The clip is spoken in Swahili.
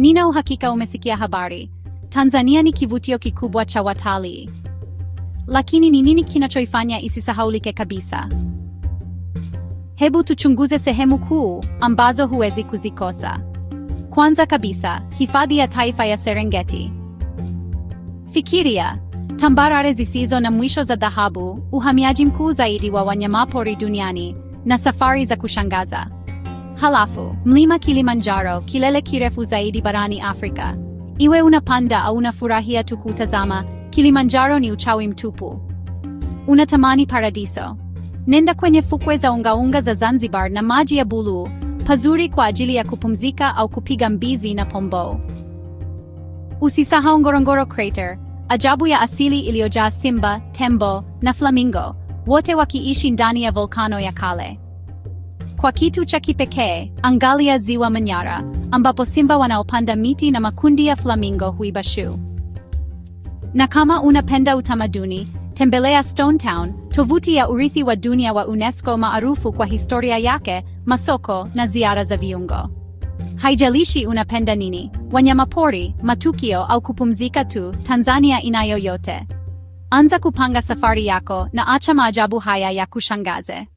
Nina uhakika umesikia habari. Tanzania ni kivutio kikubwa cha watalii. Lakini ni nini kinachoifanya isisahaulike kabisa? Hebu tuchunguze sehemu kuu ambazo huwezi kuzikosa. Kwanza kabisa, Hifadhi ya Taifa ya Serengeti. Fikiria, tambarare zisizo na mwisho za dhahabu, uhamiaji mkuu zaidi wa wanyamapori duniani na safari za kushangaza. Halafu, mlima Kilimanjaro, kilele kirefu zaidi barani Afrika. Iwe unapanda au unafurahia tu kutazama, Kilimanjaro ni uchawi mtupu. Unatamani paradiso? Nenda kwenye fukwe za ungaunga za Zanzibar na maji ya buluu, pazuri kwa ajili ya kupumzika au kupiga mbizi na pombo. Usisahau Ngorongoro Crater, ajabu ya asili iliyojaa simba, tembo na flamingo, wote wakiishi ndani ya volkano ya kale. Kwa kitu cha kipekee, angalia ziwa Manyara, ambapo simba wanaopanda miti na makundi ya flamingo huiba shuu. Na kama unapenda utamaduni, tembelea Stone Town, tovuti ya urithi wa dunia wa UNESCO maarufu kwa historia yake, masoko na ziara za viungo. Haijalishi unapenda nini, wanyamapori, matukio au kupumzika tu, Tanzania inayo yote. Anza kupanga safari yako na acha maajabu haya ya kushangaze.